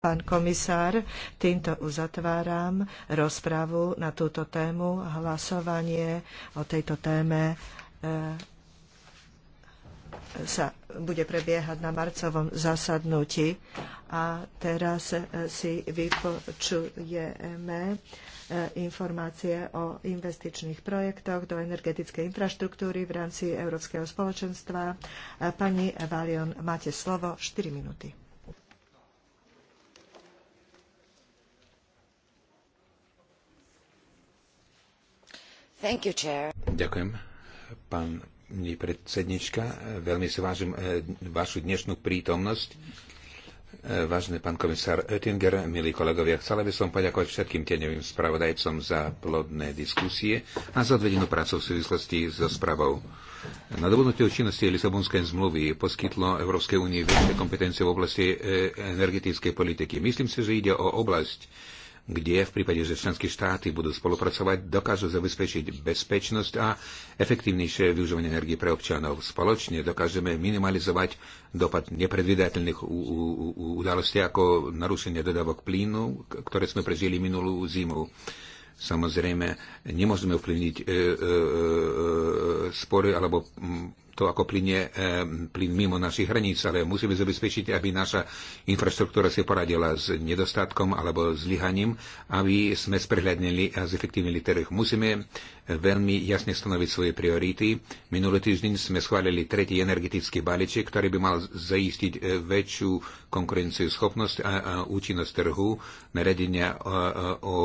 Pán komisár, týmto uzatváram rozpravu na túto tému. Hlasovanie o tejto téme eh, sa bude prebiehať na marcovom zasadnutí. A teraz eh, si vypočujeme eh, informácie o investičných projektoch do energetickej infraštruktúry v rámci Európskeho spoločenstva. Pani Valion, máte slovo 4 minúty. Ďakujem, pán predsednička. Veľmi si vážim eh, vašu dnešnú prítomnosť. Eh, Vážený pán komisár Oettinger, milí kolegovia, chcela by som poďakovať všetkým tieňovým spravodajcom za plodné diskusie a za odvedenú prácu v súvislosti so správou. Nadobudnutie účinnosti Lisabonskej zmluvy poskytlo Európskej únii väčšie kompetencie v oblasti eh, energetickej politiky. Myslím si, že ide o oblasť, kde v prípade, že členské štáty budú spolupracovať, dokážu zabezpečiť bezpečnosť a efektívnejšie využívanie energie pre občanov. Spoločne dokážeme minimalizovať dopad nepredvydateľných udalostí ako narušenie dodávok plynu, ktoré sme prežili minulú zimu samozrejme nemôžeme ovplyvniť e, e, e, e spory alebo to, ako plinie eh, plyn mimo našich hraníc, ale musíme zabezpečiť, aby naša infraštruktúra si poradila s nedostatkom alebo zlyhaním, aby sme sprehľadnili a zefektívnili trh. Musíme eh, veľmi jasne stanoviť svoje priority. Minulý týždeň sme schválili tretí energetický balíček, ktorý by mal zaistiť eh, väčšiu konkurenciu schopnosť a, a účinnosť trhu. Naredenia o, o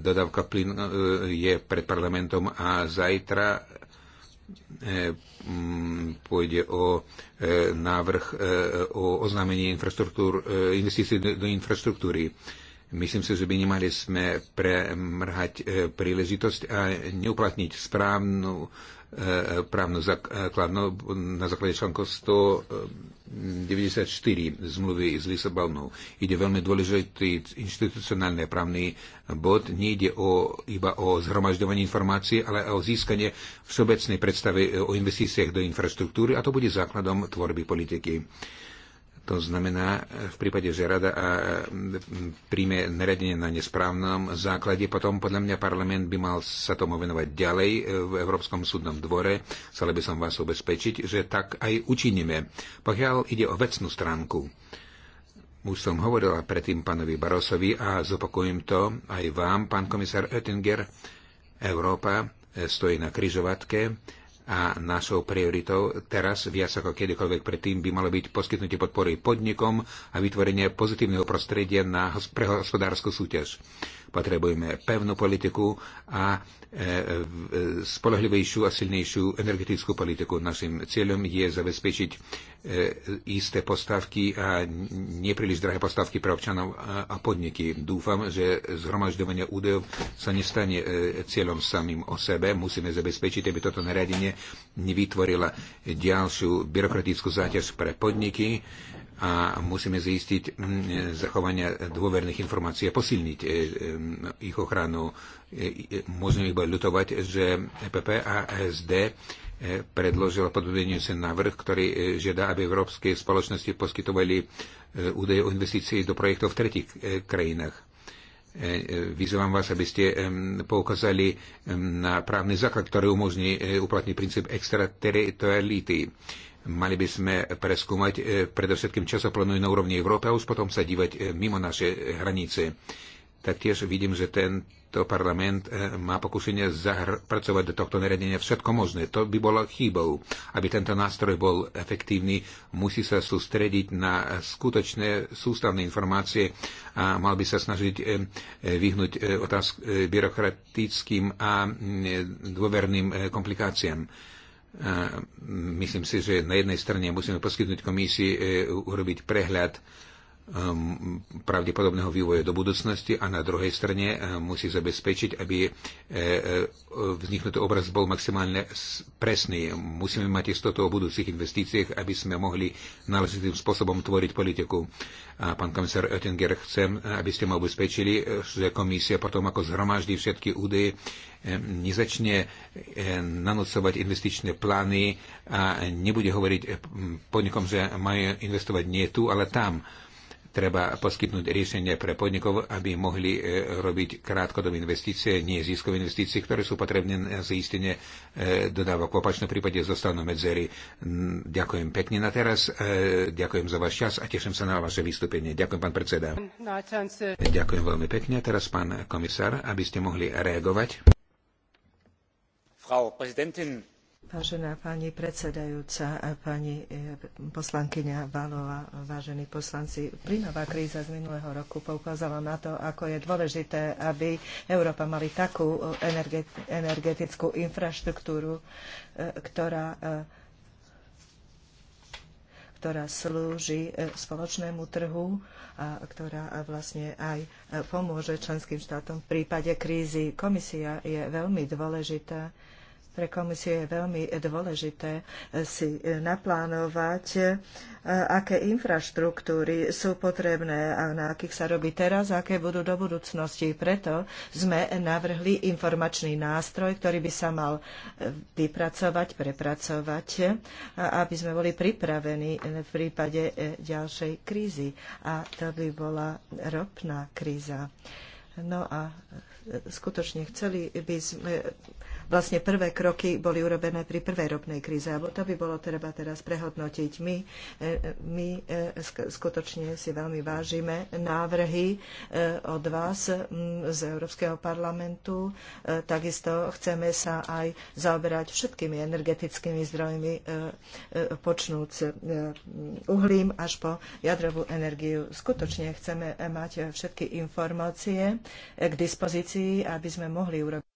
dodávka plyn je pred parlamentom a zajtra Eh, mm, pôjde o eh, návrh eh, o oznámení investícií do infraštruktúry. Myslím si, že by nemali sme premrhať príležitosť a neuplatniť správnu právnu základnú na základe článku 100 94 zmluvy z Lisabonu. Ide veľmi dôležitý inštitucionálny právny bod. Nejde o, iba o zhromažďovanie informácií, ale o získanie všeobecnej predstavy o investíciách do infraštruktúry a to bude základom tvorby politiky. To znamená, v prípade, že rada a e, príjme naredenie na nesprávnom základe, potom podľa mňa parlament by mal sa tomu venovať ďalej e, v Európskom súdnom dvore. Chcel by som vás ubezpečiť, že tak aj učiníme. Pokiaľ ide o vecnú stránku, už som hovorila predtým pánovi Barosovi a zopakujem to aj vám, pán komisár Oettinger. Európa e, stojí na kryžovatke a našou prioritou teraz, viac ako kedykoľvek predtým, by malo byť poskytnutie podpory podnikom a vytvorenie pozitívneho prostredia na, pre hospodárskú súťaž. Potrebujeme pevnú politiku a e, e, spolahlivejšiu a silnejšiu energetickú politiku. Našim cieľom je zabezpečiť e, isté postavky a nepríliš drahé postavky pre občanov a podniky. Dúfam, že zhromažďovanie údajov sa nestane cieľom samým o sebe. Musíme zabezpečiť, aby toto nariadenie nevytvorila ďalšiu byrokratickú záťaž pre podniky, a musíme zistiť mm, zachovanie dôverných informácií a posilniť e, e, ich ochranu. E, môžeme iba ľutovať, že EPP a SD predložila sa návrh, ktorý žiada, aby európske spoločnosti poskytovali údaje o investícii do projektov v tretich krajinách. Vyzývam vás, aby ste poukázali na právny základ, ktorý umožní uplatniť princíp extraterritoriality. Mali by sme preskúmať e, predovšetkým, čo sa plánuje na úrovni Európy a už potom sa dívať e, mimo naše e, hranice. Taktiež vidím, že tento parlament má pokusenie zapracovať do tohto nariadenia všetko možné. To by bolo chýbou. Aby tento nástroj bol efektívny, musí sa sústrediť na skutočné sústavné informácie a mal by sa snažiť vyhnúť otázk byrokratickým a dôverným komplikáciám Myslím si, že na jednej strane musíme poskytnúť komisii e, urobiť prehľad Um, pravdepodobného vývoja do budúcnosti a na druhej strane um, musí zabezpečiť, aby e, e, vzniknutý obraz bol maximálne presný. Musíme mať istotu o budúcich investíciách, aby sme mohli náležitým spôsobom tvoriť politiku. A pán komisár Oettinger, chcem, aby ste ma ubezpečili, e, že komisia potom, ako zhromaždí všetky údaje, nezačne nanocovať investičné plány a nebude hovoriť podnikom, že majú investovať nie tu, ale tam Treba poskytnúť riešenia pre podnikov, aby mohli e, robiť krátkodobé investície, nie ziskové investície, ktoré sú potrebné na zistenie e, dodávok. V opačnom prípade zostanú medzery. Mm, ďakujem pekne na teraz, e, ďakujem za váš čas a teším sa na vaše vystúpenie. Ďakujem, pán predseda. Ďakujem veľmi pekne. Teraz, pán komisár, aby ste mohli reagovať. Frau Präsidentin, Vážená pani predsedajúca, pani eh, poslankyňa Valova, vážení poslanci, plynová kríza z minulého roku poukázala na to, ako je dôležité, aby Európa mali takú eh, energetickú infraštruktúru, eh, ktorá ktorá slúži spoločnému trhu a ktorá vlastne aj pomôže členským štátom v prípade krízy. Komisia je veľmi dôležitá pre komisiu je veľmi dôležité si naplánovať, e, aké infraštruktúry sú potrebné a na akých sa robí teraz, a aké budú do budúcnosti. Preto sme navrhli informačný nástroj, ktorý by sa mal e, vypracovať, prepracovať, e, aby sme boli pripravení v prípade ďalšej krízy. A to by bola ropná kríza. No a skutočne chceli by sme vlastne prvé kroky boli urobené pri prvej ropnej kríze, alebo to by bolo treba teraz prehodnotiť. My, e, e, my e, skutočne si veľmi vážime návrhy od vás z Európskeho parlamentu. Takisto chceme sa aj zaoberať všetkými energetickými zdrojmi, počnúc uhlím až po jadrovú energiu. Skutočne chceme mať všetky informácie k dispozícii, aby sme mohli urobiť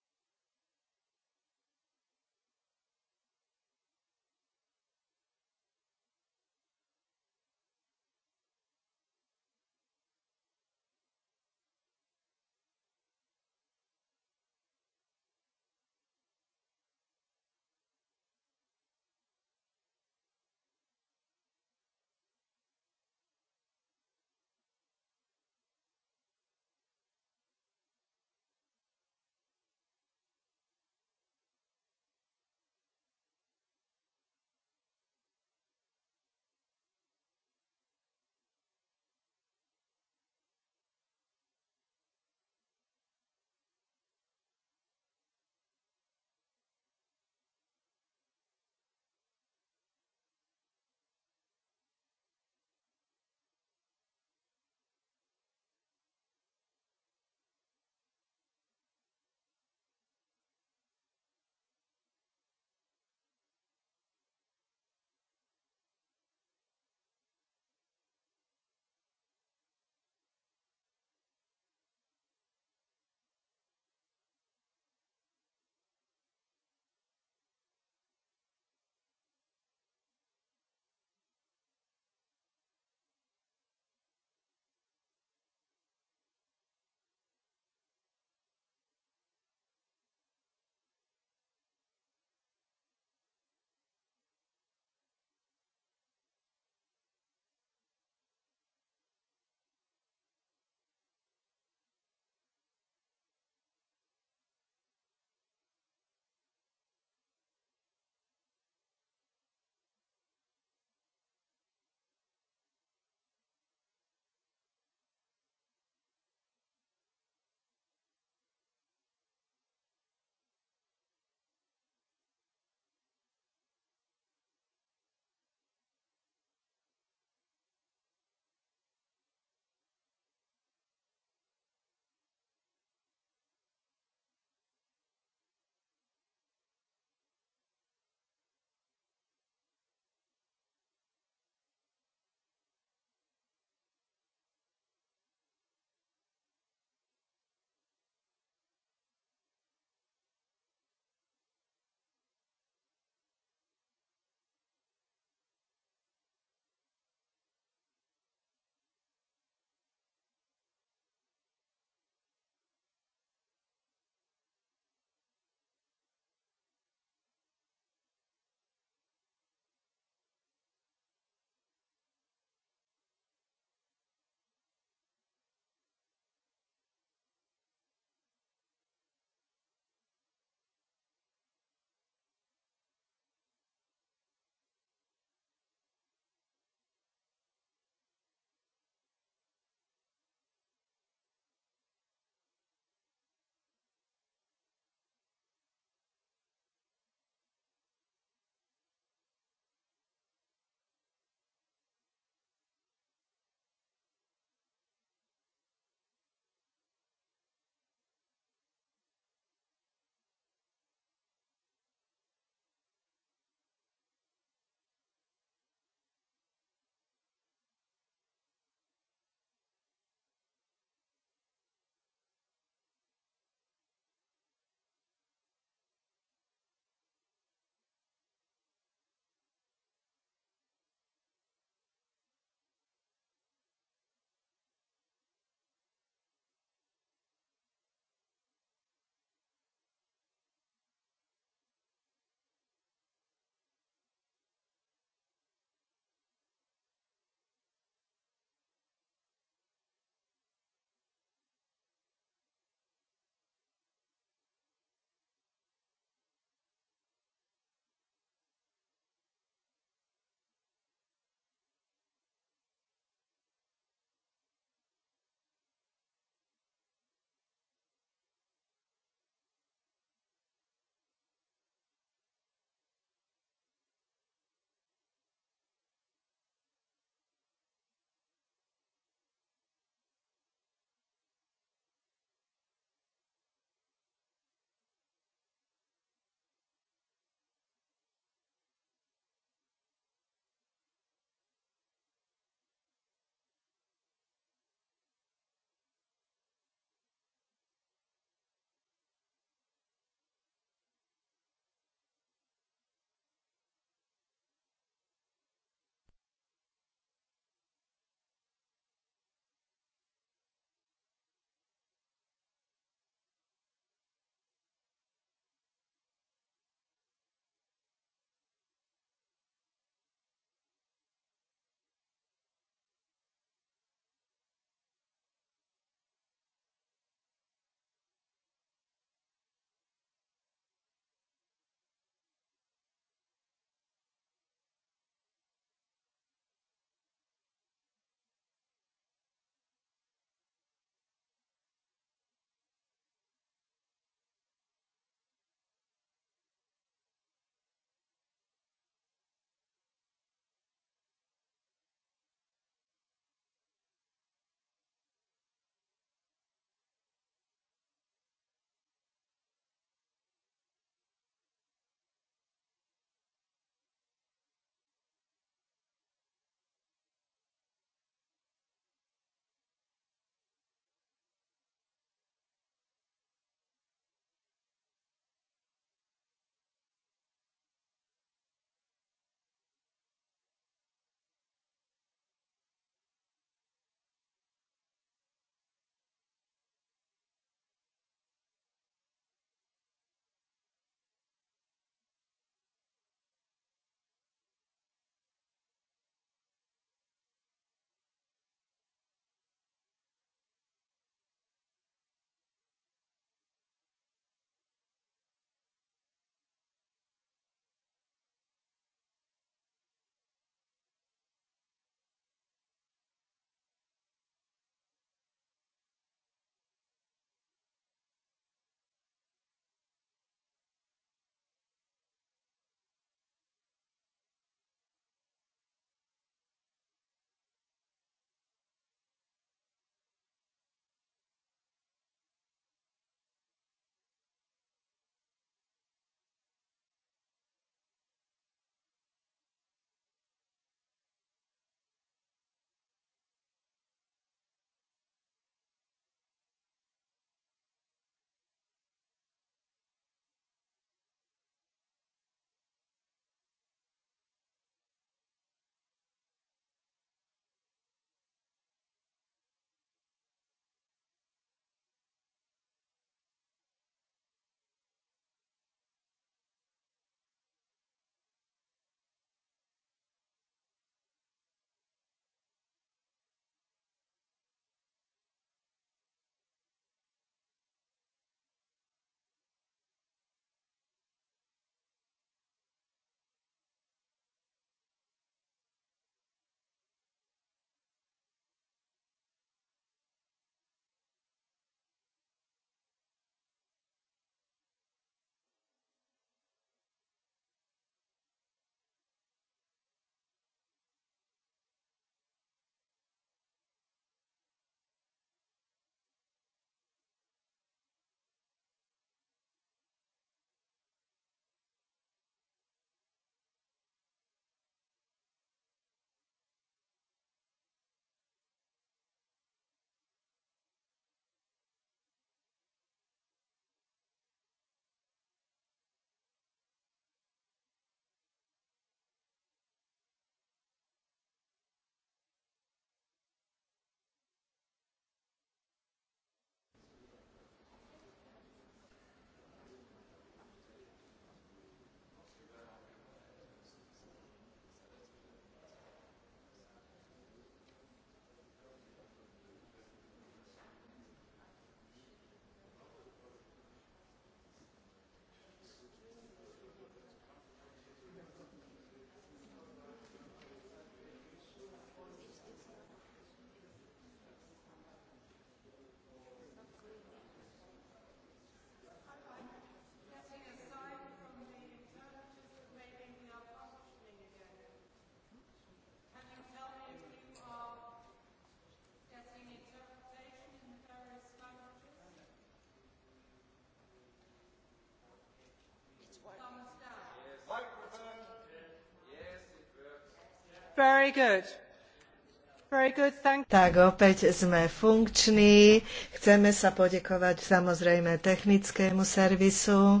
tak opäť sme funkční. Chceme sa podekovať samozrejme technickému servisu.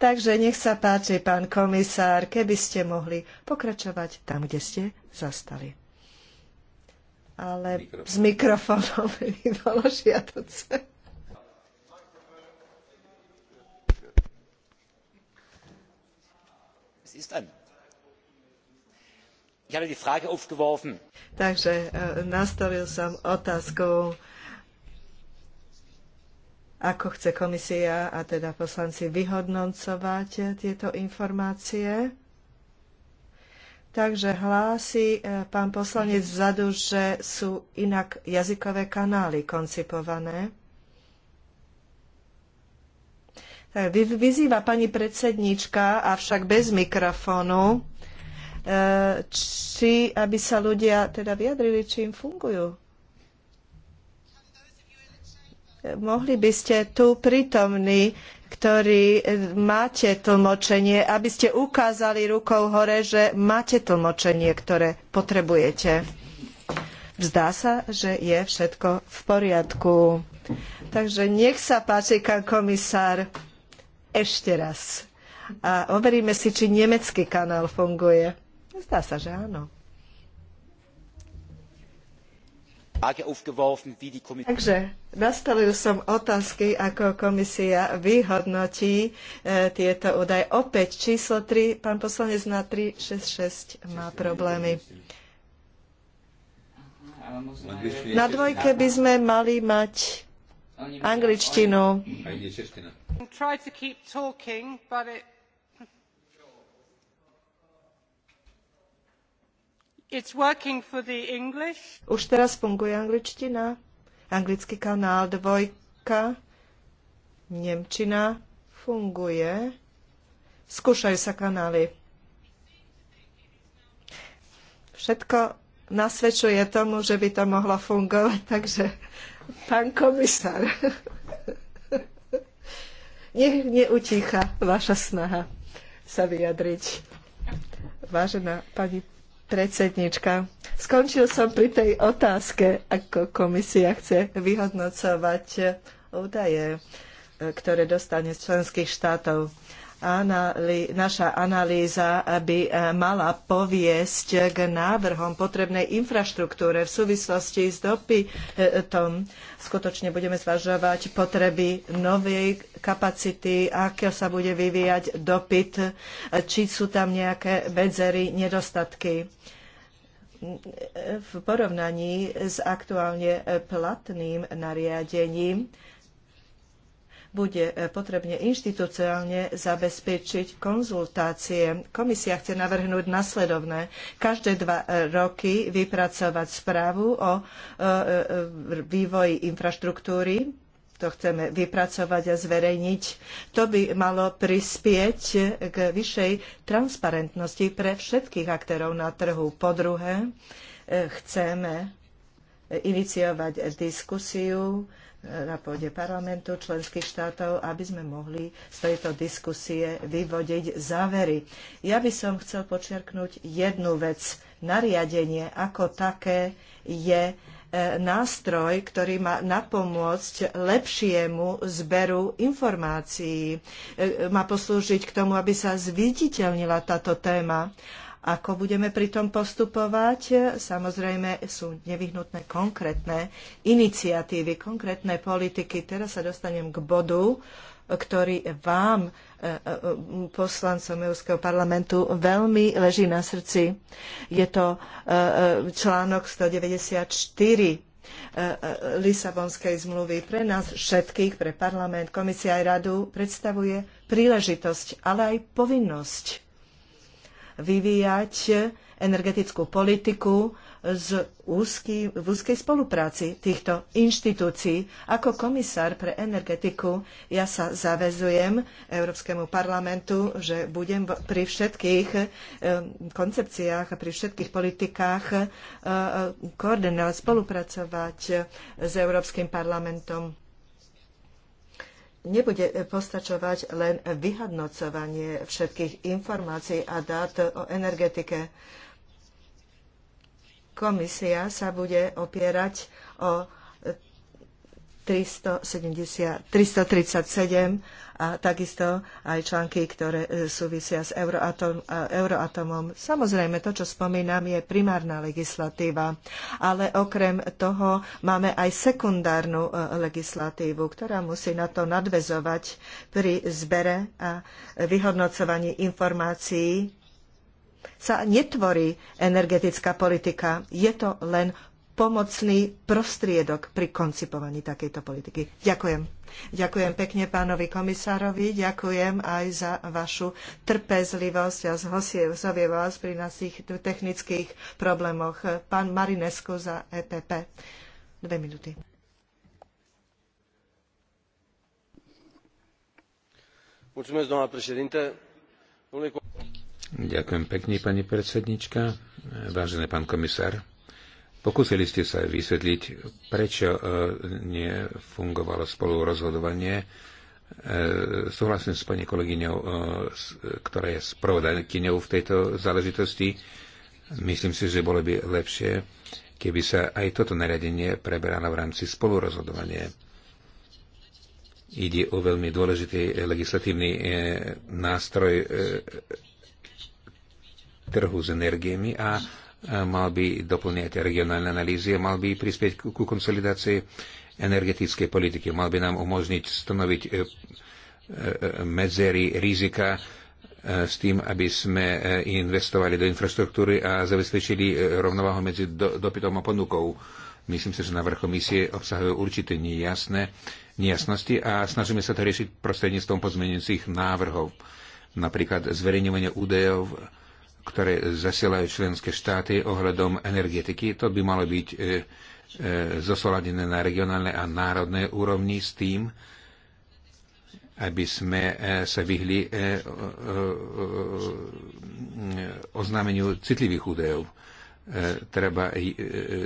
Takže nech sa páči, pán komisár, keby ste mohli pokračovať tam, kde ste zastali. Ale Mikrofón. s mikrofónom by bolo žiadoce. Es ist ein Takže e, nastavil som otázku, ako chce komisia a teda poslanci vyhodnocovať tieto informácie. Takže hlási e, pán poslanec vzadu, že sú inak jazykové kanály koncipované. Vyzýva pani predsedníčka, avšak bez mikrofónu. Eh, či aby sa ľudia teda vyjadrili, či im fungujú. Mohli by ste tu prítomní, ktorí eh, máte tlmočenie, aby ste ukázali rukou hore, že máte tlmočenie, ktoré potrebujete. Zdá sa, že je všetko v poriadku. Takže nech sa páči, pán komisár, ešte raz. A overíme si, či nemecký kanál funguje. Zdá sa, že áno. Takže nastavil som otázky, ako komisia vyhodnotí e, tieto údaje. Opäť číslo 3, pán poslanec na 366 má problémy. Na dvojke by sme mali mať angličtinu. Už teraz funguje angličtina, anglický kanál dvojka, nemčina funguje. Skúšajú sa kanály. Všetko nasvedčuje tomu, že by to mohlo fungovať, takže pán komisár, nech neutícha vaša snaha sa vyjadriť. Vážená pani predsednička. Skončil som pri tej otázke, ako komisia chce vyhodnocovať údaje, e, ktoré dostane z členských štátov. Analý, naša analýza by e, mala poviesť k návrhom potrebnej infraštruktúre v súvislosti s dopytom. E, skutočne budeme zvažovať potreby novej kapacity, ako sa bude vyvíjať dopyt, či sú tam nejaké medzery, nedostatky. V porovnaní s aktuálne platným nariadením bude potrebné inštitucionálne zabezpečiť konzultácie. Komisia chce navrhnúť nasledovné. Každé dva roky vypracovať správu o e, e, vývoji infraštruktúry to chceme vypracovať a zverejniť. To by malo prispieť k vyššej transparentnosti pre všetkých aktérov na trhu. Po druhé, e, chceme iniciovať diskusiu e, na pôde parlamentu členských štátov, aby sme mohli z tejto diskusie vyvodiť závery. Ja by som chcel počiarknúť jednu vec. Nariadenie ako také je E, nástroj, ktorý má napomôcť lepšiemu zberu informácií. E, má poslúžiť k tomu, aby sa zviditeľnila táto téma. Ako budeme pritom postupovať? E, samozrejme sú nevyhnutné konkrétne iniciatívy, konkrétne politiky. Teraz sa dostanem k bodu, ktorý vám, e, e, poslancom Európskeho parlamentu, veľmi leží na srdci. Je to e, článok 194 Lisabonskej zmluvy. Pre nás všetkých, pre parlament, komisia aj radu, predstavuje príležitosť, ale aj povinnosť vyvíjať energetickú politiku z úzky, v úzkej spolupráci týchto inštitúcií. Ako komisár pre energetiku ja sa zavezujem Európskemu parlamentu, že budem pri všetkých eh, koncepciách a pri všetkých politikách eh, koordinovať, spolupracovať eh, s Európskym parlamentom nebude postačovať len vyhodnocovanie všetkých informácií a dát o energetike komisia sa bude opierať o 370, 337 a takisto aj články, ktoré e, súvisia s Euroatom, Euroatomom. Samozrejme, to, čo spomínam, je primárna legislatíva, ale okrem toho máme aj sekundárnu e, legislatívu, ktorá musí na to nadvezovať pri zbere a vyhodnocovaní informácií sa netvorí energetická politika. Je to len pomocný prostriedok pri koncipovaní takejto politiky. Ďakujem. Ďakujem pekne pánovi komisárovi, ďakujem aj za vašu trpezlivosť a zhosie vás pri našich technických problémoch. Pán Marinesku za EPP. Dve minúty. Mulțumesc, doamna președinte. Domnule Ďakujem pekne, pani predsednička. Vážený pán komisár, pokúsili ste sa vysvetliť, prečo e, nefungovalo spolurozhodovanie. E, súhlasím s pani kolegyňou, e, ktorá je spravodajkyňou v tejto záležitosti. Myslím si, že bolo by lepšie, keby sa aj toto nariadenie preberalo v rámci spolurozhodovania. Ide o veľmi dôležitý legislatívny nástroj trhu s energiemi a mal by doplňať regionálne analýzy a mal by prispieť ku konsolidácii energetickej politiky. Mal by nám umožniť stanoviť e, e, medzery rizika e, s tým, aby sme investovali do infraštruktúry a zabezpečili rovnováhu medzi dopytom a ponukou. Myslím si, že návrh komisie obsahuje určité nejasné nejasnosti a snažíme sa to riešiť prostredníctvom pozmeniacich návrhov. Napríklad zverejňovanie údajov ktoré zasielajú členské štáty ohľadom energetiky. To by malo byť e, e, zosoladené na regionálnej a národnej úrovni s tým, aby sme e, sa vyhli e, e, oznámeniu citlivých údajov. Treba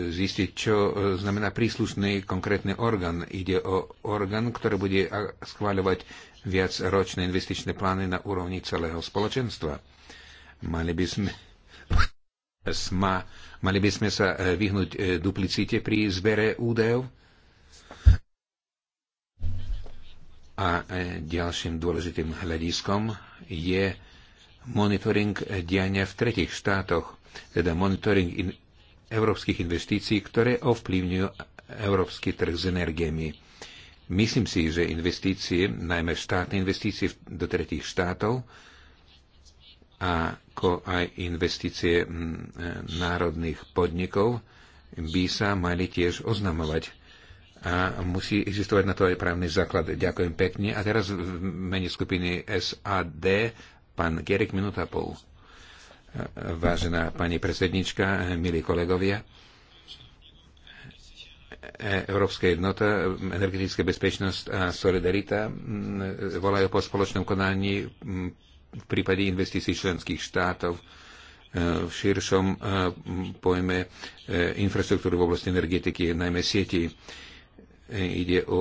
zistiť, čo znamená príslušný konkrétny orgán. Ide o orgán, ktorý bude schváľovať viacročné investičné plány na úrovni celého spoločenstva Mali by sme sma, mali by sme sa e, vyhnúť e, duplicite pri zbere údajov? A e, ďalším dôležitým hľadiskom je monitoring diania v tretich štátoch, teda monitoring in, európskych investícií, ktoré ovplyvňujú európsky trh s energiami. Myslím si, že investície, najmä štátne investície do tretich štátov, ako aj investície e, národných podnikov by sa mali tiež oznamovať. A musí existovať na to aj právny základ. Ďakujem pekne. A teraz v mene skupiny SAD pán Gerik minúta pol. E, vážená pani predsednička, milí kolegovia, e, Európska jednota, energetická bezpečnosť a solidarita volajú po spoločnom konaní v prípade investícií členských štátov e, v širšom e, pojme e, infraštruktúry v oblasti energetiky, najmä sieti. Ide o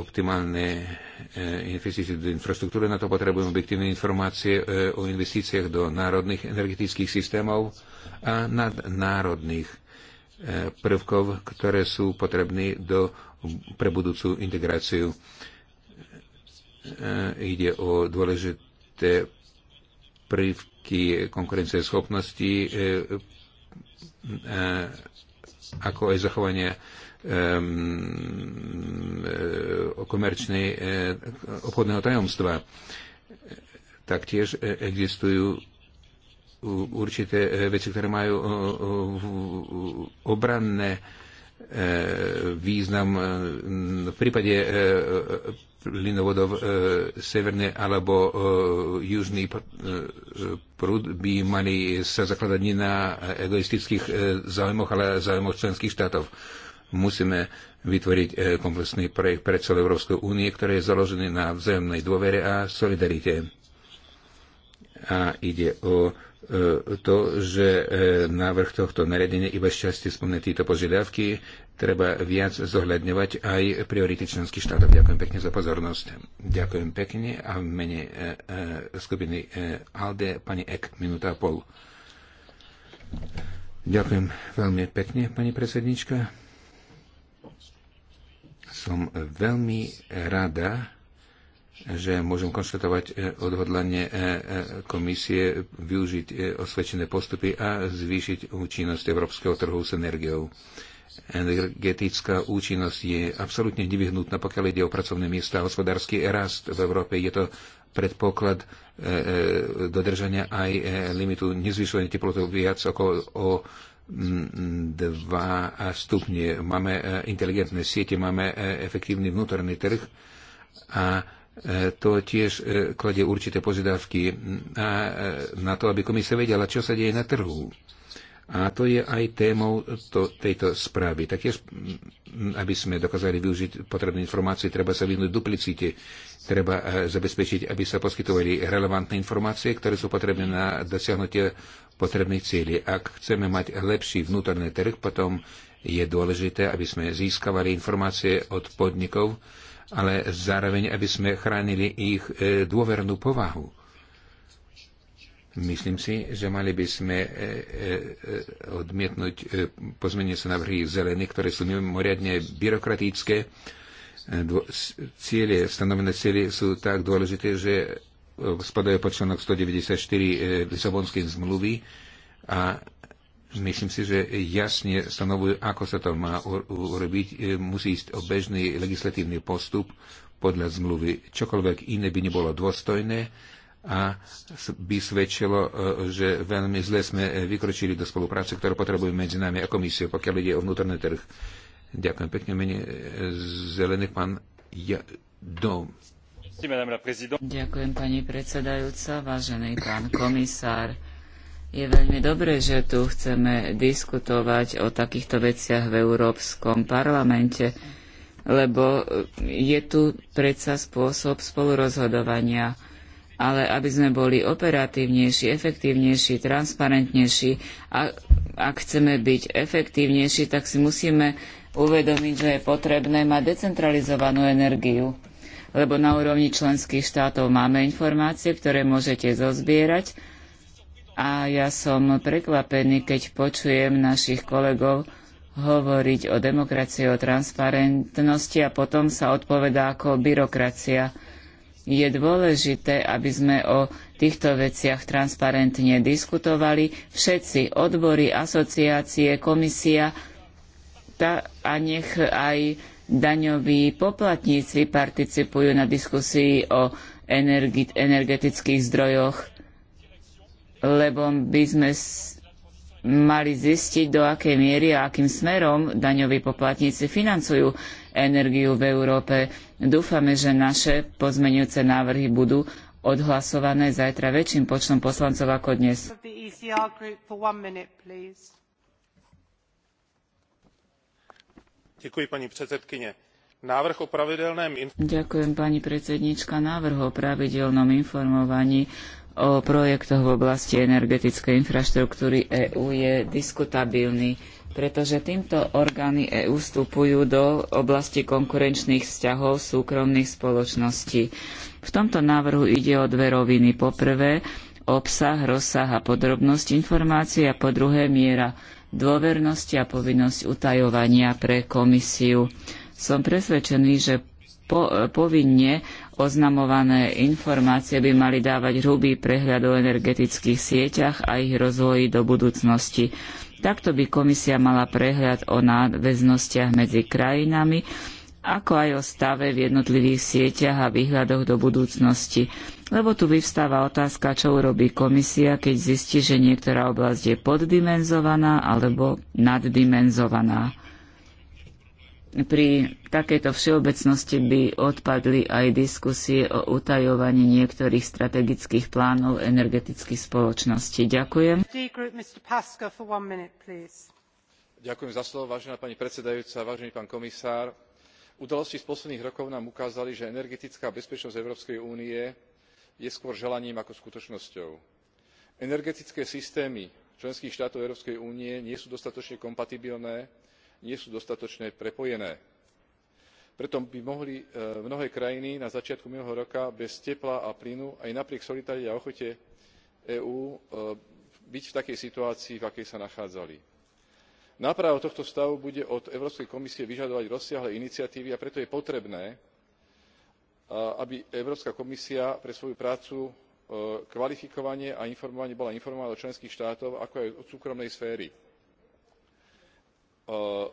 optimálne investície do infraštruktúry. Na to potrebujeme objektívne informácie o investíciách do národných energetických systémov a nadnárodných prvkov, ktoré sú potrebné do, pre budúcu integráciu. Ide o dôležité dôležité prvky schopnosti e, e, ako aj zachovanie e, komerčnej obchodného tajomstva. Taktiež existujú určité veci, ktoré majú obranné E, význam e, v prípade e, plynovodov Severné alebo Južný prúd by mali sa zakladať nie na egoistických záujmoch, ale záujmoch členských štátov. Musíme vytvoriť komplexný projekt pre celú Európsku únie, ktorý je založený na vzájomnej dôvere a solidarite. A ide o E, to, že e, návrh tohto naredenia iba z časti spomne tieto požiadavky, treba viac zohľadňovať aj priority členských štátov. Ďakujem pekne za pozornosť. Ďakujem pekne a v mene e, skupiny ALDE pani Ek, minúta a pol. Ďakujem veľmi pekne, pani predsednička. Som veľmi rada, že môžem konštatovať e, odhodlanie e, e, komisie využiť osvedčené postupy a zvýšiť účinnosť európskeho trhu s energiou. Energetická účinnosť je absolútne nevyhnutná, pokiaľ ide o pracovné miesta a hospodársky rast v Európe. Je to predpoklad dodržania aj limitu nezvyšovania teploty viac ako o 2 mm, stupne. Máme inteligentné siete, máme efektívny vnútorný trh a E, to tiež e, kladie určité požiadavky e, na to, aby komisia vedela, čo sa deje na trhu. A to je aj témou to, tejto správy. Taktiež, aby sme dokázali využiť potrebné informácie, treba sa vyhnúť duplicite. Treba zabezpečiť, aby sa poskytovali relevantné informácie, ktoré sú potrebné na dosiahnutie potrebných cieľov. Ak chceme mať lepší vnútorný trh, potom je dôležité, aby sme získavali informácie od podnikov, ale zároveň, aby sme chránili ich e, dôvernú povahu. Myslím si, že mali by sme e, e, odmietnúť pozmenie sa navrhy zelených, ktoré sú mimoriadne byrokratické. Cíle, stanovené ciele sú tak dôležité, že spadajú pod článok 194 Lisabonskej zmluvy a Myslím si, že jasne stanovujú, ako sa to má urobiť. E, musí ísť o bežný legislatívny postup podľa zmluvy. Čokoľvek iné by nebolo dôstojné a by svedčilo, e, že veľmi zle sme vykročili do spolupráce, ktorú potrebujú medzi nami a komisiou, pokiaľ ide o vnútorný trh. Ďakujem pekne. Mene e, zelený pán ja, Dom. Ďakujem, pani predsedajúca, vážený pán komisár. Je veľmi dobré, že tu chceme diskutovať o takýchto veciach v Európskom parlamente, lebo je tu predsa spôsob spolurozhodovania. Ale aby sme boli operatívnejší, efektívnejší, transparentnejší a ak chceme byť efektívnejší, tak si musíme uvedomiť, že je potrebné mať decentralizovanú energiu. Lebo na úrovni členských štátov máme informácie, ktoré môžete zozbierať a ja som prekvapený, keď počujem našich kolegov hovoriť o demokracii, o transparentnosti a potom sa odpovedá ako byrokracia. Je dôležité, aby sme o týchto veciach transparentne diskutovali všetci odbory, asociácie, komisia a nech aj daňoví poplatníci participujú na diskusii o energi, energetických zdrojoch lebo by sme mali zistiť, do akej miery a akým smerom daňoví poplatníci financujú energiu v Európe. Dúfame, že naše pozmenujúce návrhy budú odhlasované zajtra väčším počtom poslancov ako dnes. Ďakujem pani predsedkyne. Návrh o pravidelném Ďakujem pani predsednička. Návrh o pravidelnom informovaní o projektoch v oblasti energetickej infraštruktúry EÚ je diskutabilný, pretože týmto orgány EÚ vstupujú do oblasti konkurenčných vzťahov súkromných spoločností. V tomto návrhu ide o dve roviny. Po prvé, obsah, rozsah a podrobnosť informácií a po druhé miera dôvernosti a povinnosť utajovania pre komisiu. Som presvedčený, že po, povinne Oznamované informácie by mali dávať hrubý prehľad o energetických sieťach a ich rozvoji do budúcnosti. Takto by komisia mala prehľad o nadväznostiach medzi krajinami, ako aj o stave v jednotlivých sieťach a výhľadoch do budúcnosti. Lebo tu vyvstáva otázka, čo urobí komisia, keď zistí, že niektorá oblasť je poddimenzovaná alebo naddimenzovaná pri takejto všeobecnosti by odpadli aj diskusie o utajovaní niektorých strategických plánov energetických spoločností. Ďakujem. Ďakujem za slovo, vážená pani predsedajúca, vážený pán komisár. Udalosti z posledných rokov nám ukázali, že energetická bezpečnosť Európskej únie je skôr želaním ako skutočnosťou. Energetické systémy členských štátov Európskej únie nie sú dostatočne kompatibilné nie sú dostatočne prepojené. preto by mohli e, mnohé krajiny na začiatku minulého roka bez tepla a plynu aj napriek solidarite a ochote eú e, byť v takej situácii v akej sa nachádzali. náprava tohto stavu bude od európskej komisie vyžadovať rozsiahle iniciatívy a preto je potrebné e, aby európska komisia pre svoju prácu kvalifikovane a informovane bola informovaná od členských štátov ako aj od súkromnej sféry. Ehm,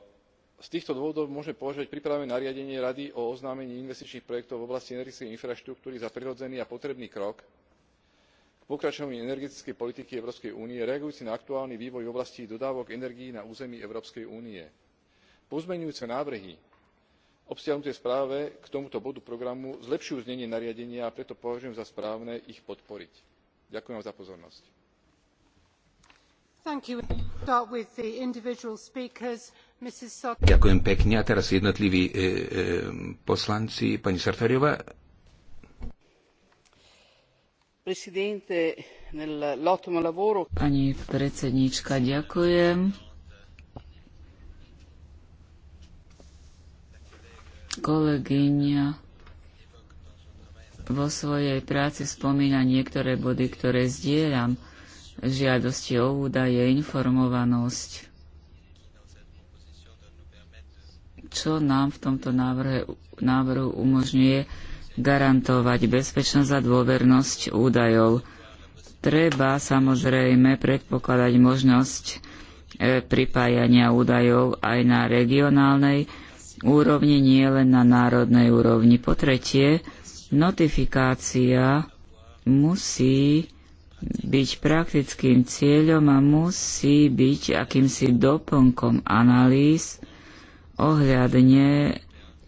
z týchto dôvodov môžeme považovať pripravené nariadenie rady o oznámení investičných projektov v oblasti energetickej infraštruktúry za prirodzený a potrebný krok k pokračovaniu energetickej politiky európskej únie reagujúci na aktuálny vývoj v oblasti dodávok energií na území európskej únie. pozmeňujúce návrhy obsiahnuté v správe k tomuto bodu programu zlepšujú znenie nariadenia a preto považujem za správne ich podporiť. ďakujem vám za pozornosť. Ďakujem pekne. A teraz jednotliví e, e, poslanci. Pani Sartoriová. Pani predsedníčka, ďakujem. Kolegyňa vo svojej práci spomína niektoré body, ktoré zdieľam žiadosti o údaje, informovanosť. Čo nám v tomto návrhe, návrhu umožňuje garantovať bezpečnosť a dôvernosť údajov. Treba samozrejme predpokladať možnosť e, pripájania údajov aj na regionálnej úrovni, nie len na národnej úrovni. Po tretie, notifikácia musí byť praktickým cieľom a musí byť akýmsi doplnkom analýz ohľadne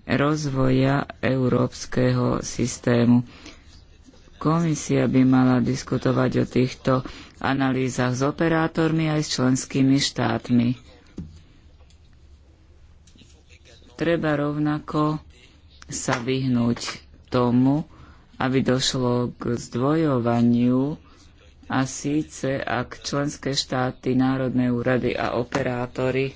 rozvoja európskeho systému. Komisia by mala diskutovať o týchto analýzach s operátormi aj s členskými štátmi. Treba rovnako sa vyhnúť tomu, aby došlo k zdvojovaniu a síce, ak členské štáty, národné úrady a operátory,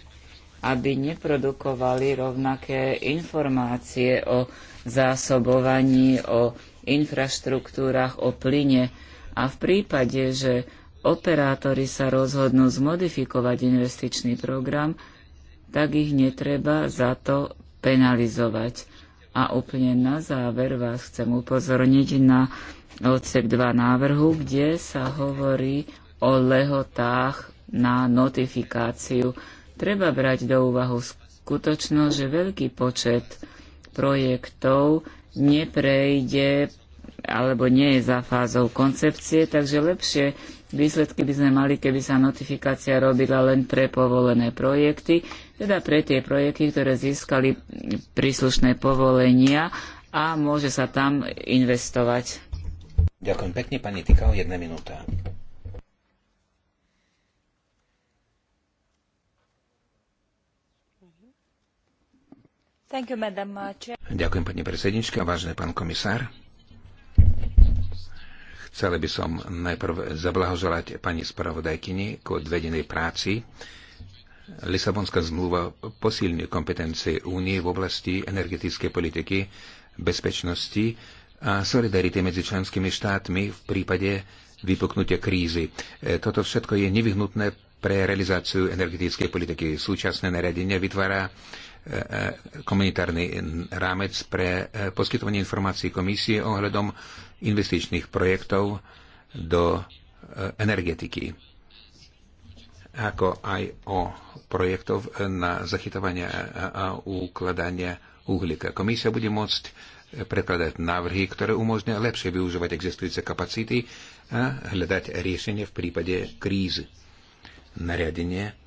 aby neprodukovali rovnaké informácie o zásobovaní, o infraštruktúrach, o plyne. A v prípade, že operátori sa rozhodnú zmodifikovať investičný program, tak ich netreba za to penalizovať. A úplne na záver vás chcem upozorniť na odsek 2 návrhu, kde sa hovorí o lehotách na notifikáciu. Treba brať do úvahu skutočnosť, že veľký počet projektov neprejde alebo nie je za fázou koncepcie, takže lepšie výsledky by sme mali, keby sa notifikácia robila len pre povolené projekty, teda pre tie projekty, ktoré získali príslušné povolenia a môže sa tam investovať. Ďakujem pekne, pani Tikal, jedna minúta. You, uh, Ďakujem, pani predsednička, vážený pán komisár. Chcela by som najprv zablahoželať pani spravodajkyni k odvedenej práci. Lisabonská zmluva posilňuje kompetencie únie v oblasti energetickej politiky, bezpečnosti a solidarity medzi členskými štátmi v prípade vypuknutia krízy. E, toto všetko je nevyhnutné pre realizáciu energetickej politiky. Súčasné nariadenie vytvára e, e, komunitárny rámec pre poskytovanie informácií komisie ohľadom investičných projektov do energetiky ako aj o projektov na zachytávanie a ukladanie uhlíka. Komisia bude môcť prekladať návrhy, ktoré umožňujú lepšie využívať existujúce kapacity a hľadať riešenie v prípade krízy. Nariadenie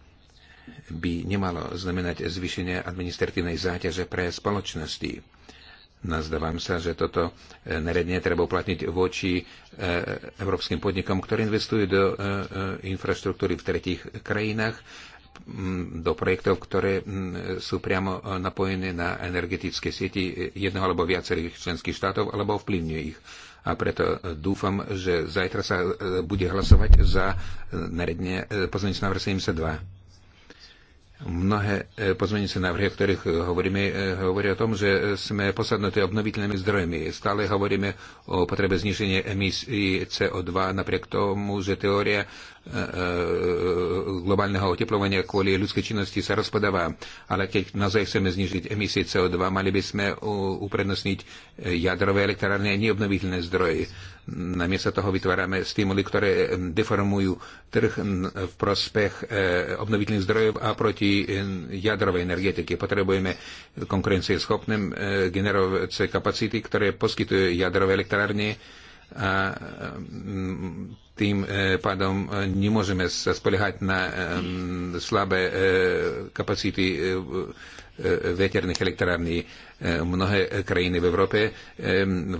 by nemalo znamenať zvýšenie administratívnej záťaže pre spoločnosti Nazdávam sa, že toto e, nariadenie treba uplatniť voči e, európskym podnikom, ktoré investujú do e, infraštruktúry v tretich krajinách, do projektov, ktoré sú priamo napojené na energetické siete jednoho alebo viacerých členských štátov alebo ovplyvňujú ich. A preto dúfam, že zajtra sa bude hlasovať za nariadenie pozornic návrh 72. Mnohé e, pozmeňujúce návrhy, o ktorých e, hovoríme, e, hovoria o tom, že sme posadnutí obnoviteľnými zdrojmi. Stále hovoríme o potrebe zniženia emisí CO2, napriek tomu, že teória globálneho oteplovania kvôli ľudskej činnosti sa rozpadáva. Ale keď naozaj chceme znižiť emisie CO2, mali by sme uprednostniť jadrové elektrárne a neobnoviteľné zdroje. Namiesto toho vytvárame stimuly, ktoré deformujú trh v prospech obnoviteľných zdrojov a proti jadrovej energetiky. Potrebujeme konkurencieschopné e, generovacie kapacity, ktoré poskytujú jadrové elektrárne a tým e, pádom e, nemôžeme sa spoliehať na slabé e, kapacity veterných elektrární. Mnohé krajiny v Európe,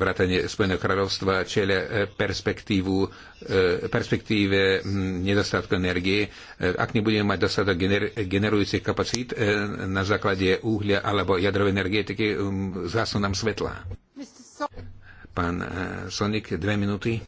vrátane Spojeného kráľovstva, čelia perspektívu, perspektíve nedostatku energie. Ak nebudeme mať dostatok gener- generujúcich kapacít na základe uhlia alebo jadrovej energetiky, zhasnú nám svetla. Pán Sonik, dve minúty.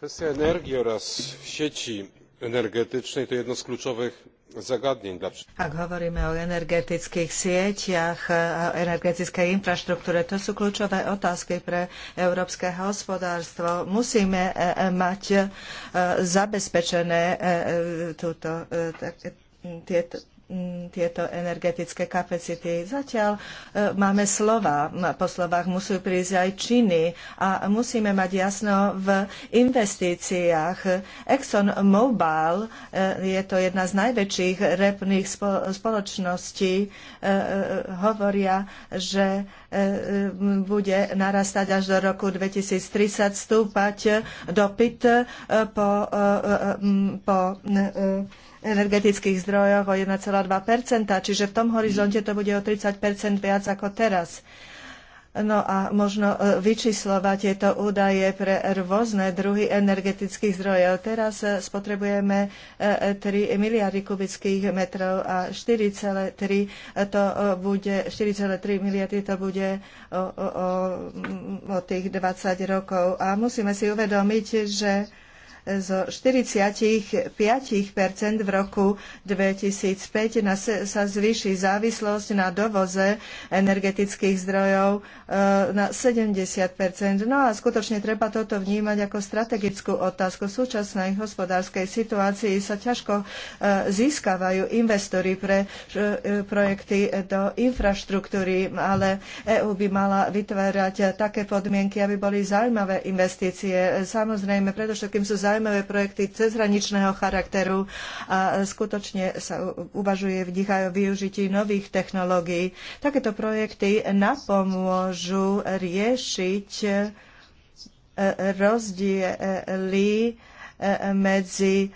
kwestia energii oraz sieci energetycznej to jedno z kluczowych zagadnień dla Ak hovoríme o energetických sieťach a energetickej infraštruktúre, to sú kľúčové otázky pre európske hospodárstvo. Musíme e, e, mať e, zabezpečené túto, tieto Mm, tieto energetické kapacity. Zatiaľ e, máme slova, po slovách musí prísť aj činy a musíme mať jasno v investíciách. Exxon Mobil e, je to jedna z najväčších repných spoločností. E, hovoria, že bude narastať až do roku 2030 stúpať dopyt po, po energetických zdrojoch o 1,2%, čiže v tom horizonte to bude o 30% viac ako teraz. No a možno e, vyčíslovať tieto údaje pre rôzne druhy energetických zdrojov. Teraz e, spotrebujeme 3 e, miliardy kubických metrov a 4,3 to bude, 4,3 miliardy to bude o, o, o, o tých 20 rokov. A musíme si uvedomiť, že zo 45 v roku 2005 sa zvýši závislosť na dovoze energetických zdrojov e, na 70 No a skutočne treba toto vnímať ako strategickú otázku. V súčasnej hospodárskej situácii sa ťažko e, získavajú investori pre e, projekty do infraštruktúry, ale EÚ by mala vytvárať také podmienky, aby boli zaujímavé investície. Samozrejme, predovšetkým sú zaujímavé zaujímavé projekty cezhraničného charakteru a skutočne sa uvažuje v nich aj o využití nových technológií. Takéto projekty napomôžu riešiť e, rozdiely e, medzi e,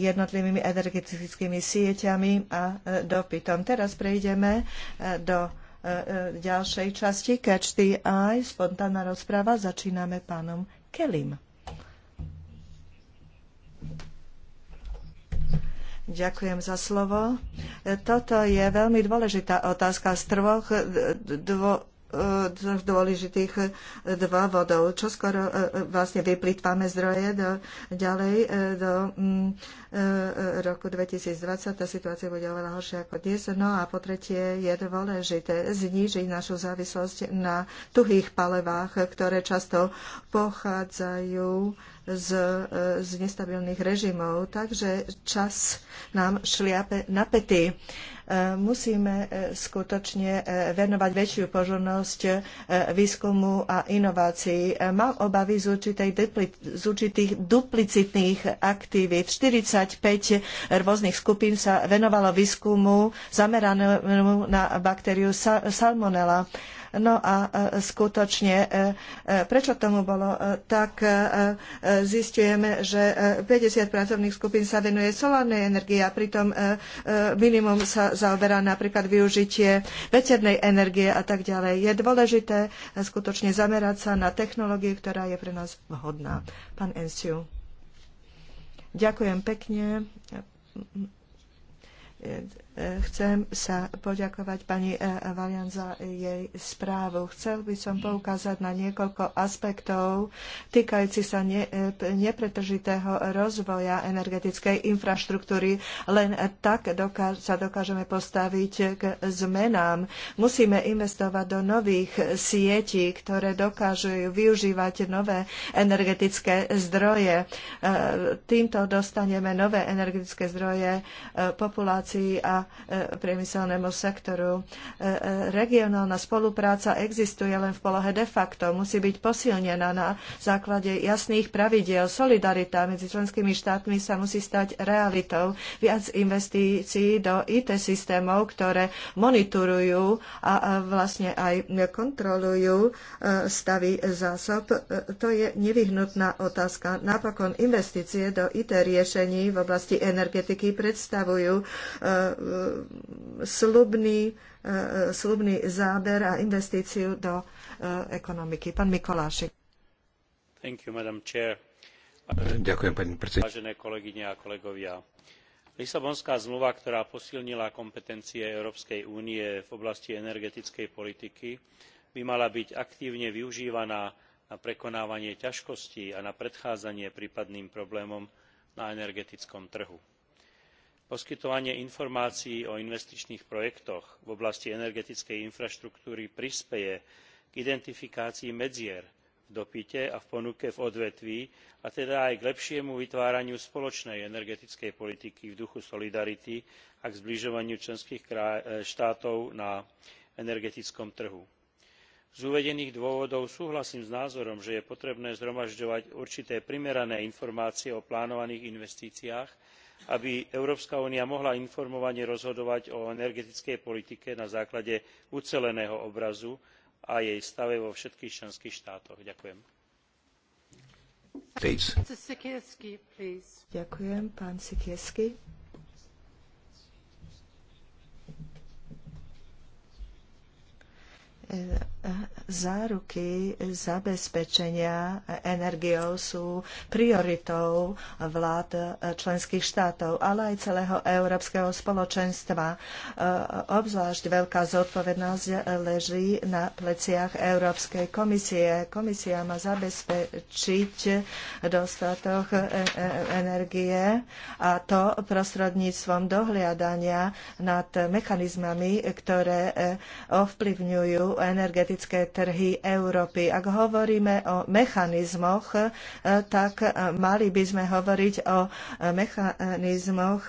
jednotlivými energetickými sieťami a dopytom. Teraz prejdeme do ďalšej časti Catch the Eye, spontánna rozpráva. Začíname pánom Kelim. Ďakujem za slovo. Toto je veľmi dôležitá otázka z troch e, dvo, e, dôležitých e, dva vodov. Čo skoro vlastne vyplýtvame zdroje do, ďalej do mm, roku 2020. Tá situácia bude oveľa horšia ako dnes. No a po tretie je dôležité znížiť našu závislosť na tuhých palevách, ktoré často pochádzajú z, e, z nestabilných režimov. Takže čas nám šliape na Musíme e, skutočne e, venovať väčšiu pozornosť e, výskumu a inovácií. Mám obavy z, určitej, z určitých duplicitných aktivít. 45 rôznych skupín sa venovalo výskumu zameranému na baktériu Salmonella. No a skutočne, prečo tomu bolo tak, zistujeme, že 50 pracovných skupín sa venuje solárnej energii a pritom minimum sa zaoberá napríklad využitie veternej energie a tak ďalej. Je dôležité skutočne zamerať sa na technológiu, ktorá je pre nás vhodná. Pán Ensiu. Ďakujem pekne Chcem sa poďakovať pani e, Valian za jej správu. Chcel by som poukázať na niekoľko aspektov týkajúci sa ne, e, nepretržitého rozvoja energetickej infraštruktúry. Len tak dokáž, sa dokážeme postaviť k zmenám. Musíme investovať do nových sietí, ktoré dokážu využívať nové energetické zdroje. E, týmto dostaneme nové energetické zdroje populácii a E, priemyselnému sektoru. E, e, regionálna spolupráca existuje len v polohe de facto. Musí byť posilnená na základe jasných pravidiel. Solidarita medzi členskými štátmi sa musí stať realitou. Viac investícií do IT systémov, ktoré monitorujú a vlastne aj kontrolujú stavy zásob. To je nevyhnutná otázka. Napokon investície do IT riešení v oblasti energetiky predstavujú slubný, eh, slubný záber a investíciu do eh, ekonomiky. Pán Mikolášik. Thank you, Madam Chair. Ďakujem, pani predsedajúca. Vážené kolegyne a kolegovia, lisabonská zmluva ktorá posilnila kompetencie európskej únie v oblasti energetickej politiky by mala byť aktívne využívaná na prekonávanie ťažkostí a na predchádzanie prípadným problémom na energetickom trhu poskytovanie informácií o investičných projektoch v oblasti energetickej infraštruktúry prispeje k identifikácii medzier v dopyte a v ponuke v odvetví a teda aj k lepšiemu vytváraniu spoločnej energetickej politiky v duchu solidarity a k zbližovaniu členských e, štátov na energetickom trhu. z uvedených dôvodov súhlasím s názorom že je potrebné zhromažďovať určité primerané informácie o plánovaných investíciách aby európska únia mohla informovane rozhodovať o energetickej politike na základe uceleného obrazu a jej stave vo všetkých členských štátoch. ďakujem záruky zabezpečenia energiou sú prioritou vlád členských štátov, ale aj celého európskeho spoločenstva. E, obzvlášť veľká zodpovednosť leží na pleciach Európskej komisie. Komisia má zabezpečiť dostatok e, e, energie a to prostredníctvom dohliadania nad mechanizmami, ktoré ovplyvňujú energetickú energetické trhy Európy. Ak hovoríme o mechanizmoch, e, tak e, mali by sme hovoriť o e, mechanizmoch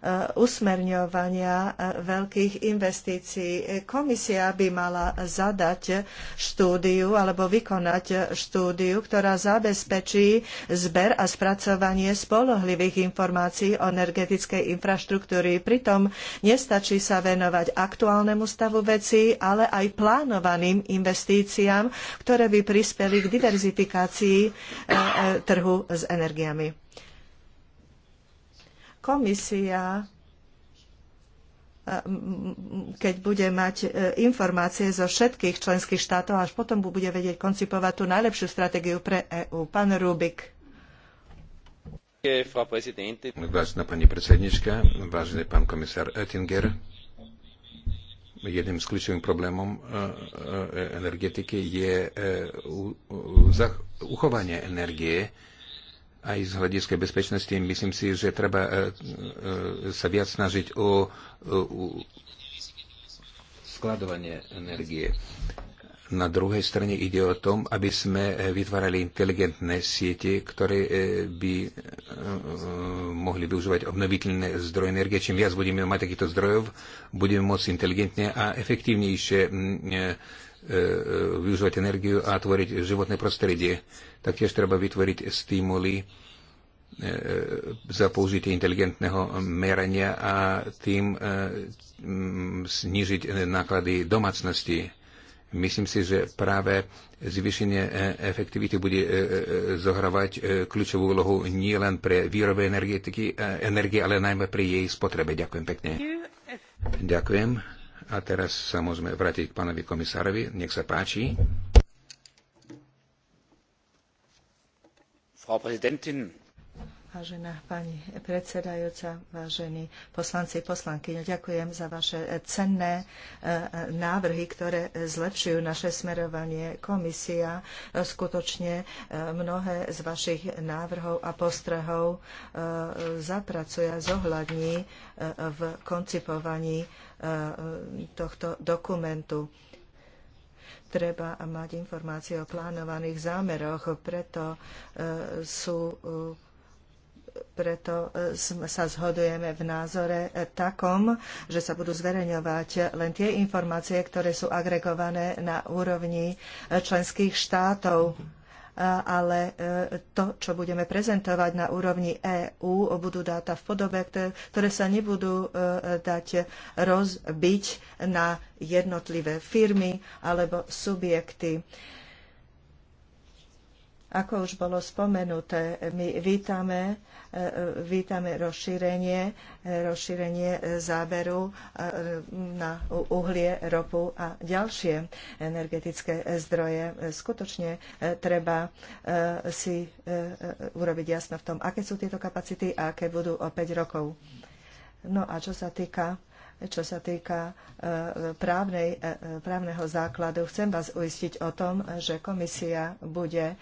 Eh, usmerňovania eh, veľkých investícií. Komisia by mala zadať štúdiu alebo vykonať štúdiu, ktorá zabezpečí zber a spracovanie spolohlivých informácií o energetickej infraštruktúry. Pritom nestačí sa venovať aktuálnemu stavu vecí, ale aj plánovaným investíciám, ktoré by prispeli k diverzifikácii eh, trhu s energiami komisia eh, keď bude mať eh, informácie zo všetkých členských štátov, až potom bude vedieť koncipovať tú najlepšiu stratégiu pre EÚ. Pán Rubik. Vážená pani predsednička, vážený pán komisár Oettinger, jedným z kľúčových problémov eh, energetiky je uchovanie energie aj z hľadiska bezpečnosti, myslím si, že treba e, e, sa viac snažiť o skladovanie energie. Na druhej strane ide o tom, aby sme e, vytvárali inteligentné siete, ktoré by mohli využívať obnoviteľné zdroje energie. Čím viac budeme mať takýchto zdrojov, budeme môcť inteligentne a efektívnejšie E, e, využívať energiu a tvoriť životné prostredie. Taktiež treba vytvoriť stimuly e, za použitie inteligentného merania a tým znižiť náklady domácnosti. Myslím si, že práve zvýšenie efektivity bude zohrávať kľúčovú úlohu nielen pre výrobe energie, ale najmä pri jej spotrebe. Ďakujem pekne. Ďakujem. A teraz sa môžeme vrátiť k pánovi komisárovi. Nech sa páči. Frau Vážená pani predsedajúca, vážení poslanci, poslanky, ďakujem za vaše e, cenné e, návrhy, ktoré e, zlepšujú naše smerovanie. Komisia skutočne mnohé z vašich návrhov a postrehov zapracuje a zohľadní v koncipovaní E, e, tohto dokumentu. Treba mať informácie o plánovaných zámeroch, preto e, sú preto sa zhodujeme v názore takom, že sa budú zverejňovať len tie informácie, ktoré sú agregované na úrovni členských štátov ale e, to, čo budeme prezentovať na úrovni EÚ, budú dáta v podobe, ktoré sa nebudú e, dať rozbiť na jednotlivé firmy alebo subjekty. Ako už bolo spomenuté, my vítame, e, e, vítame rozšírenie, e, rozšírenie záberu na uhlie, ropu a ďalšie energetické zdroje. Skutočne treba si urobiť jasno v tom, aké sú tieto kapacity a aké budú o 5 rokov. No a čo sa týka čo sa týka e, právnej, e, e, právneho základu, chcem vás uistiť o tom, že komisia bude,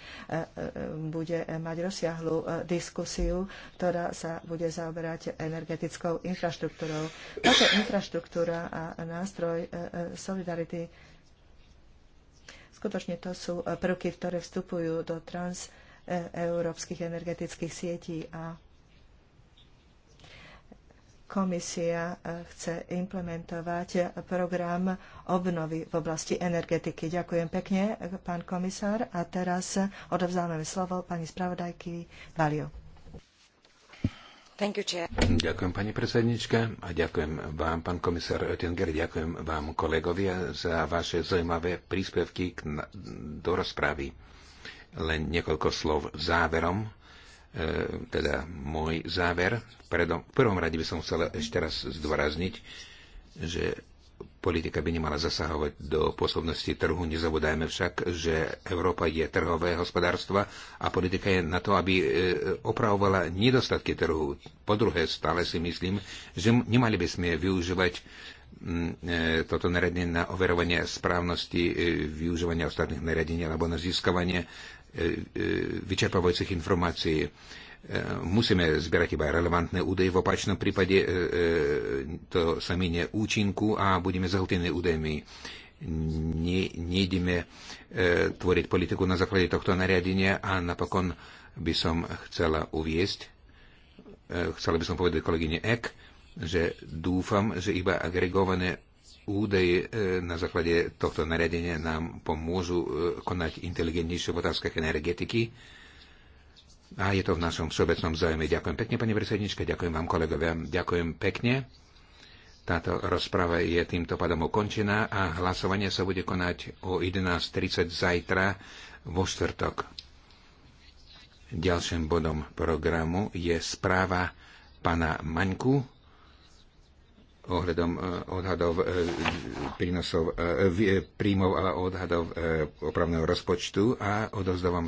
bude mať rozsiahlú diskusiu, ktorá sa bude zaoberať energetickou infraštruktúrou. Táto infraštruktúra a nástroj Solidarity Skutočne to sú prvky, ktoré vstupujú do transeurópskych energetických sietí a komisia e, chce implementovať program obnovy v oblasti energetiky. Ďakujem pekne, pán komisár. A teraz odovzdávame slovo pani spravodajky Valio. You, ďakujem, pani predsednička, a ďakujem vám, pán komisár Oettinger, ďakujem vám, kolegovia, za vaše zaujímavé príspevky k, do rozpravy. Len niekoľko slov záverom E, teda môj záver. V prvom rade by som chcel ešte raz zdôrazniť, že politika by nemala zasahovať do pôsobnosti trhu. Nezabudajme však, že Európa je trhové hospodárstva a politika je na to, aby e, opravovala nedostatky trhu. Po druhé, stále si myslím, že nemali by sme využívať e, toto nariadenie na overovanie správnosti využívania ostatných nariadení alebo na získavanie E, e, vyčerpávajúcich informácií. E, musíme zbierať iba relevantné údaje, v opačnom prípade to sa minie účinku a budeme zahltení údajmi. Ne, nejdeme tvoriť politiku na základe tohto nariadenia a napokon by som chcela uviesť, chcela by som povedať kolegyne Ek, že dúfam, že iba agregované údaje e, na základe tohto nariadenia nám pomôžu e, konať inteligentnejšie v otázkach energetiky. A je to v našom všeobecnom záujme. Ďakujem pekne, pani predsednička, ďakujem vám, kolegovia, ďakujem pekne. Táto rozprava je týmto pádom ukončená a hlasovanie sa bude konať o 11.30 zajtra vo štvrtok. Ďalším bodom programu je správa pana Maňku ohľadom e, odhadov e, prínosov, e, príjmov a odhadov opravného rozpočtu a odozdávam